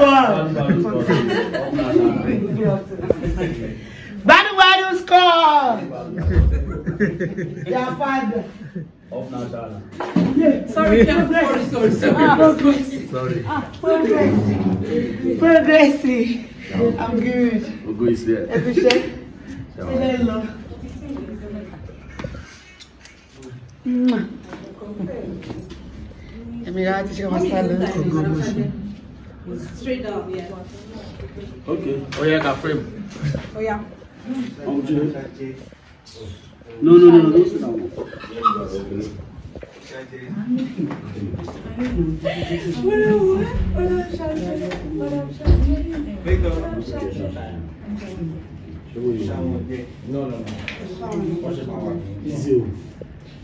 called. Baduwadu is score. Their father. Of Nazala. Yeah. Sorry, sorry, sorry, sorry. Ah, sorry. Ah, progress. Progress. I'm good. We'll go is there. Every shake. Hello. É melhor a uma gostar da dança. Straight down, yeah. Okay. Oh yeah, got frame. Oh yeah. No, no, no, no, don't sit down. No, no, no.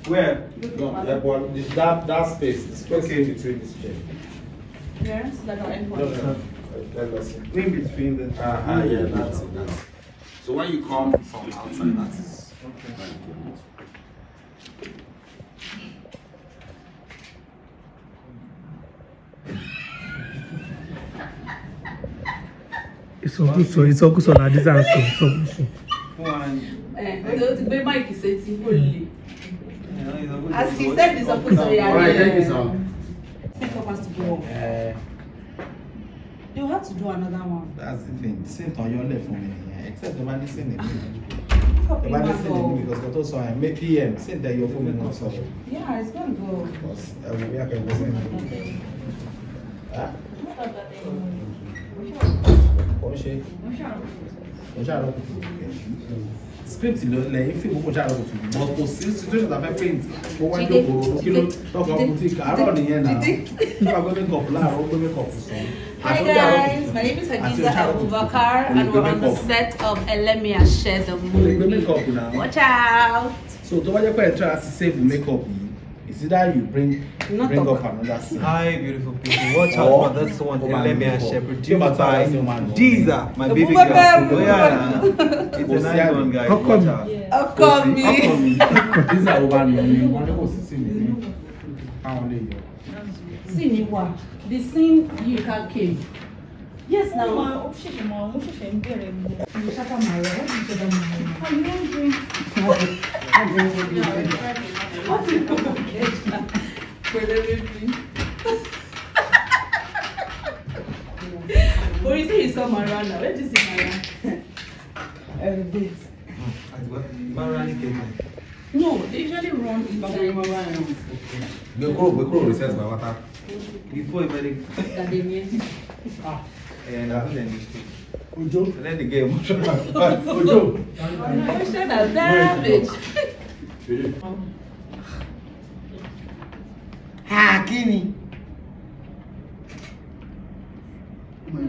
Where? No, that one, that, that space, the space okay. between this chair parents that are employed? No, no. In between the. uh ah, -huh, ah, yeah, that's it. That's it. So when you come from outside, that's okay. ìsọkúsọ sọ eh, as he said Eh. You have to do another one. that's the thing sin on your left for me, except the ní listening. ní mi ọba ní sin ní mi because tó sọ yẹn may pm sin tẹ yọ fún mi náà yeah it's gonna go. because ẹ̀wù bí akẹ́kọ̀ọ́ sin. Ah? ṣe kò ṣàárọ̀ kùtù script ló lẹ́yìn fíìmù kò kò sí situation tàbí paint ó wá jókòó kí ló tọkọ kùtì àárọ̀ nìyẹn náà nípa gbé makeup láàárọ̀ ó gbé makeup Hi guys, my name is Hadiza Abubakar and we're on the set of Elemia Share the Movie. Watch out! So don't bá jẹ́ pé ẹ̀ try to save makeup Is it that you bring Not bring up, another sin. Hi, beautiful people. Watch out for this one. Elemia Shepherd. Do you buy Deezer? My baby girl. Oh, yeah. It's a nice one, guys. How come? How come me? How come me? Deezer over me. Wọ́n ní kò sí sí mi. Àwọn lè yọ. Sì ni wà. The sin you can kill. Yes, now. Mo ṣẹ̀ṣẹ̀ mọ̀, mo ṣẹ̀ṣẹ̀ ń bẹ̀rẹ̀ mi. Mo ṣáká màá rẹ̀, wọ́n ti ṣẹ̀dá màá rẹ̀. I'm not doing. Wọ́n ti kú. Wait, But you say you saw Marana. Where did you see Marana? Every um, day. Marana came No, they usually run in Marana. The crow, the crow recess my water. Before everybody. Ah. And that's the mistake. Ojo. Let the game. Ojo. Ojo. Ojo. Ojo. Ojo. Ojo. Ojo. Ojo. àkíní.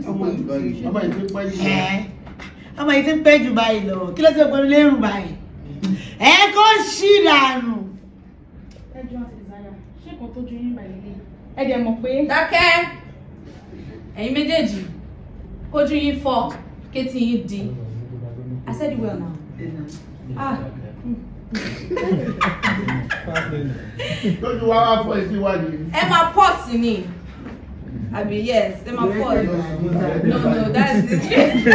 ọmọ yìí ti pẹ́ jù báyìí. ọmọ yìí ti pẹ́ jù báyìí lọ kí ló ti pẹ́ lérùn báyìí. ẹ kó ṣì dànù. ẹ jọ àti ìzáyà ṣé kò tó ju yín báyìí lé ẹ jẹ mọ̀ pé. dákẹ́ ẹ̀yin méjèèjì kójú yín fọ́ kétí yín di I said well now. ah. Mm lójú wa wá fọ etí wa ni. ẹ máa pọ̀ sí ni àbí yes ẹ máa pọ̀ sí no no that's it.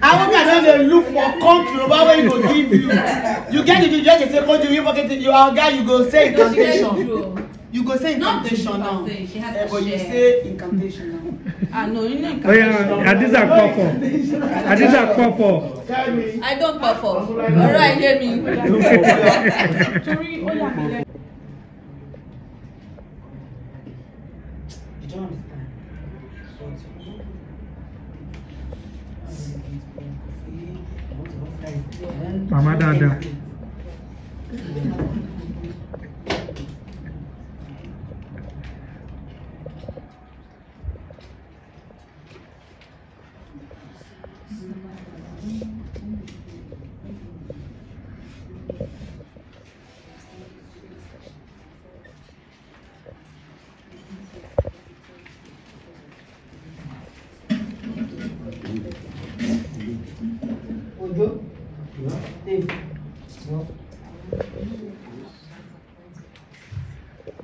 àwọn kan don dey look for country over where you go give you you get it you just dey say country you pocket it you are oga you go say incantation you go say incantation now eh, but you say incantation now. Oh yeah, I didn't Hadiza pọ̀fọ̀. I didn't I don't pọ̀fọ̀. Ọ̀rọ̀ ayé mi. Màmá dáadáa.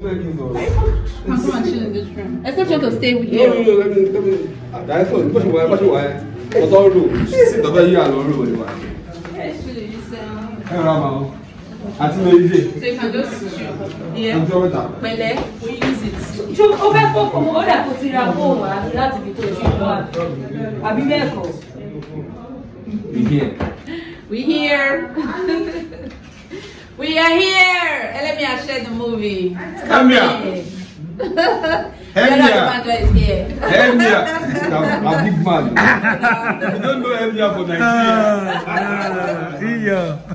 Thank you chill in this room. Except you have to stay with you. No, no, no. Let me, let me. That's all. Push away, push away. What's all room? Sit over here and all room. Actually, you sound. Hey, Rama. Àti lo ilé. So you can just chill. Yeah. Ọjọ́ mẹ́ta. Pẹ̀lẹ́, here. We here. We are here. Eh, let me share the movie. Come here. Emia. Emia. A big man. you don't know Emia for Nigeria. Yeah. Ah, ah.